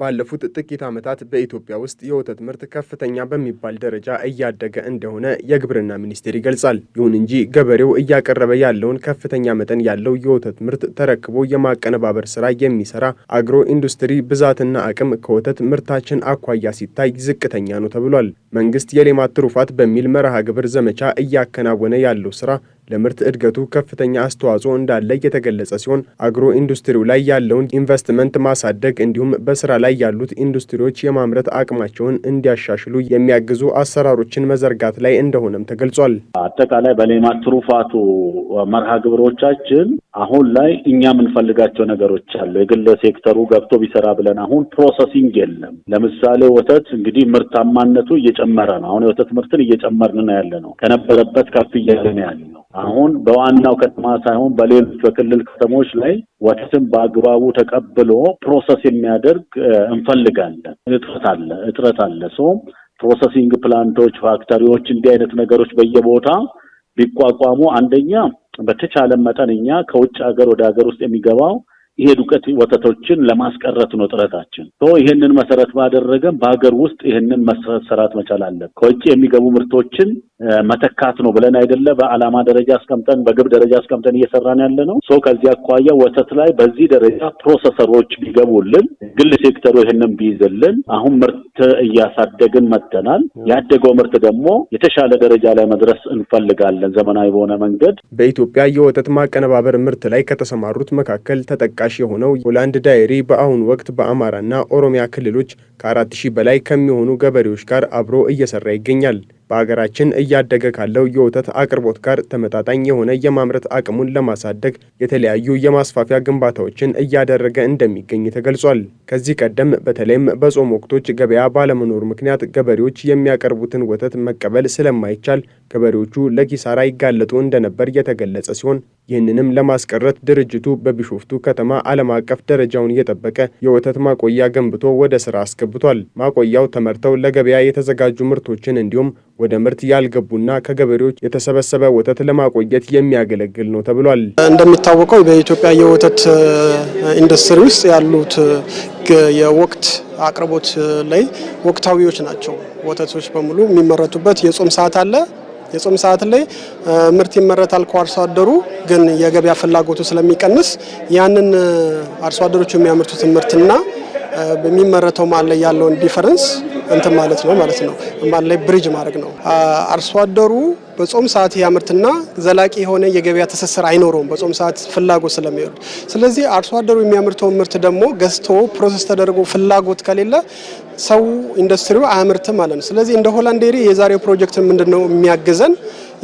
ባለፉት ጥቂት ዓመታት በኢትዮጵያ ውስጥ የወተት ምርት ከፍተኛ በሚባል ደረጃ እያደገ እንደሆነ የግብርና ሚኒስቴር ይገልጻል። ይሁን እንጂ ገበሬው እያቀረበ ያለውን ከፍተኛ መጠን ያለው የወተት ምርት ተረክቦ የማቀነባበር ስራ የሚሰራ አግሮ ኢንዱስትሪ ብዛትና አቅም ከወተት ምርታችን አኳያ ሲታይ ዝቅተኛ ነው ተብሏል። መንግስት የሌማት ትሩፋት በሚል መርሃ ግብር ዘመቻ እያከናወነ ያለው ስራ ለምርት እድገቱ ከፍተኛ አስተዋጽኦ እንዳለ የተገለጸ ሲሆን አግሮ ኢንዱስትሪው ላይ ያለውን ኢንቨስትመንት ማሳደግ እንዲሁም በስራ ላይ ያሉት ኢንዱስትሪዎች የማምረት አቅማቸውን እንዲያሻሽሉ የሚያግዙ አሰራሮችን መዘርጋት ላይ እንደሆነም ተገልጿል። አጠቃላይ በሌማት ትሩፋቱ መርሃ ግብሮቻችን አሁን ላይ እኛ የምንፈልጋቸው ነገሮች አሉ። የግል ሴክተሩ ገብቶ ቢሰራ ብለን አሁን ፕሮሰሲንግ የለም። ለምሳሌ ወተት እንግዲህ ምርታማነቱ እየጨመረ ነው። አሁን የወተት ምርትን እየጨመርን ነው ያለ ነው። ከነበረበት ከፍ እያለ ነው ያለ አሁን በዋናው ከተማ ሳይሆን በሌሎች በክልል ከተሞች ላይ ወተትን በአግባቡ ተቀብሎ ፕሮሰስ የሚያደርግ እንፈልጋለን። እጥረት አለ እጥረት አለ። ሶ ፕሮሰሲንግ ፕላንቶች፣ ፋክተሪዎች እንዲህ አይነት ነገሮች በየቦታ ቢቋቋሙ አንደኛ በተቻለ መጠን እኛ ከውጭ ሀገር ወደ ሀገር ውስጥ የሚገባው ይሄ ዱቄት ወተቶችን ለማስቀረት ነው ጥረታችን። ይህንን መሰረት ባደረገም በሀገር ውስጥ ይህንን መሰራት መቻል አለን። ከውጭ የሚገቡ ምርቶችን መተካት ነው ብለን አይደለ በዓላማ ደረጃ አስቀምጠን በግብ ደረጃ አስቀምጠን እየሰራን ያለ ነው። ሶ ከዚህ አኳያ ወተት ላይ በዚህ ደረጃ ፕሮሰሰሮች ቢገቡልን፣ ግል ሴክተሩ ይህንን ቢይዝልን፣ አሁን ምርት እያሳደግን መጥተናል። ያደገው ምርት ደግሞ የተሻለ ደረጃ ላይ መድረስ እንፈልጋለን። ዘመናዊ በሆነ መንገድ በኢትዮጵያ የወተት ማቀነባበር ምርት ላይ ከተሰማሩት መካከል ተጠቃ ተጠቃሽ የሆነው ሆላንድ ዳይሪ በአሁኑ ወቅት በአማራና ኦሮሚያ ክልሎች ከ4 ሺህ በላይ ከሚሆኑ ገበሬዎች ጋር አብሮ እየሰራ ይገኛል። በሀገራችን እያደገ ካለው የወተት አቅርቦት ጋር ተመጣጣኝ የሆነ የማምረት አቅሙን ለማሳደግ የተለያዩ የማስፋፊያ ግንባታዎችን እያደረገ እንደሚገኝ ተገልጿል። ከዚህ ቀደም በተለይም በጾም ወቅቶች ገበያ ባለመኖር ምክንያት ገበሬዎች የሚያቀርቡትን ወተት መቀበል ስለማይቻል ገበሬዎቹ ለኪሳራ ይጋለጡ እንደነበር የተገለጸ ሲሆን ይህንንም ለማስቀረት ድርጅቱ በቢሾፍቱ ከተማ ዓለም አቀፍ ደረጃውን የጠበቀ የወተት ማቆያ ገንብቶ ወደ ስራ አስገብቷል። ማቆያው ተመርተው ለገበያ የተዘጋጁ ምርቶችን እንዲሁም ወደ ምርት ያልገቡና ከገበሬዎች የተሰበሰበ ወተት ለማቆየት የሚያገለግል ነው ተብሏል። እንደሚታወቀው በኢትዮጵያ የወተት ኢንዱስትሪ ውስጥ ያሉት የወቅት አቅርቦት ላይ ወቅታዊዎች ናቸው። ወተቶች በሙሉ የሚመረቱበት የጾም ሰዓት አለ። የጾም ሰዓት ላይ ምርት ይመረታል ከአርሶ አደሩ ግን የገበያ ፍላጎቱ ስለሚቀንስ ያንን አርሶ አደሮቹ የሚያመርቱትን ምርትና በሚመረተው ማል ላይ ያለውን ዲፈረንስ እንትን ማለት ነው ማለት ነው ማን ላይ ብሪጅ ማድረግ ነው። አርሶ አደሩ በጾም ሰዓት ያምርትና ዘላቂ የሆነ የገበያ ትስስር አይኖረውም፣ በጾም ሰዓት ፍላጎት ስለሚወርድ። ስለዚህ አርሶ አደሩ የሚያምርተውን ምርት ደግሞ ገዝቶ ፕሮሰስ ተደርጎ ፍላጎት ከሌለ ሰው ኢንዱስትሪው አያምርትም ማለት ነው። ስለዚህ እንደ ሆላንዴሪ የዛሬው ፕሮጀክት ምንድን ነው የሚያግዘን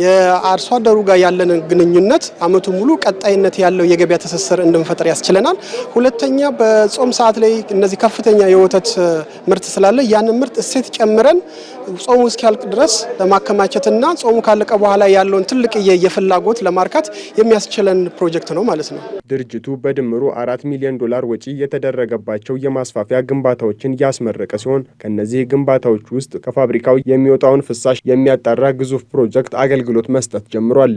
የአርሶ አደሩ ጋር ያለን ግንኙነት አመቱ ሙሉ ቀጣይነት ያለው የገበያ ትስስር እንድንፈጥር ያስችለናል። ሁለተኛ በጾም ሰዓት ላይ እነዚህ ከፍተኛ የወተት ምርት ስላለ ያንን ምርት እሴት ጨምረን ጾሙ እስኪያልቅ ድረስ ለማከማቸትና ጾሙ ካለቀ በኋላ ያለውን ትልቅ የፍላጎት ለማርካት የሚያስችለን ፕሮጀክት ነው ማለት ነው። ድርጅቱ በድምሩ አራት ሚሊዮን ዶላር ወጪ የተደረገባቸው የማስፋፊያ ግንባታዎችን ያስመረቀ ሲሆን ከእነዚህ ግንባታዎች ውስጥ ከፋብሪካው የሚወጣውን ፍሳሽ የሚያጣራ ግዙፍ ፕሮጀክት አገልግሎ አገልግሎት መስጠት ጀምሯል።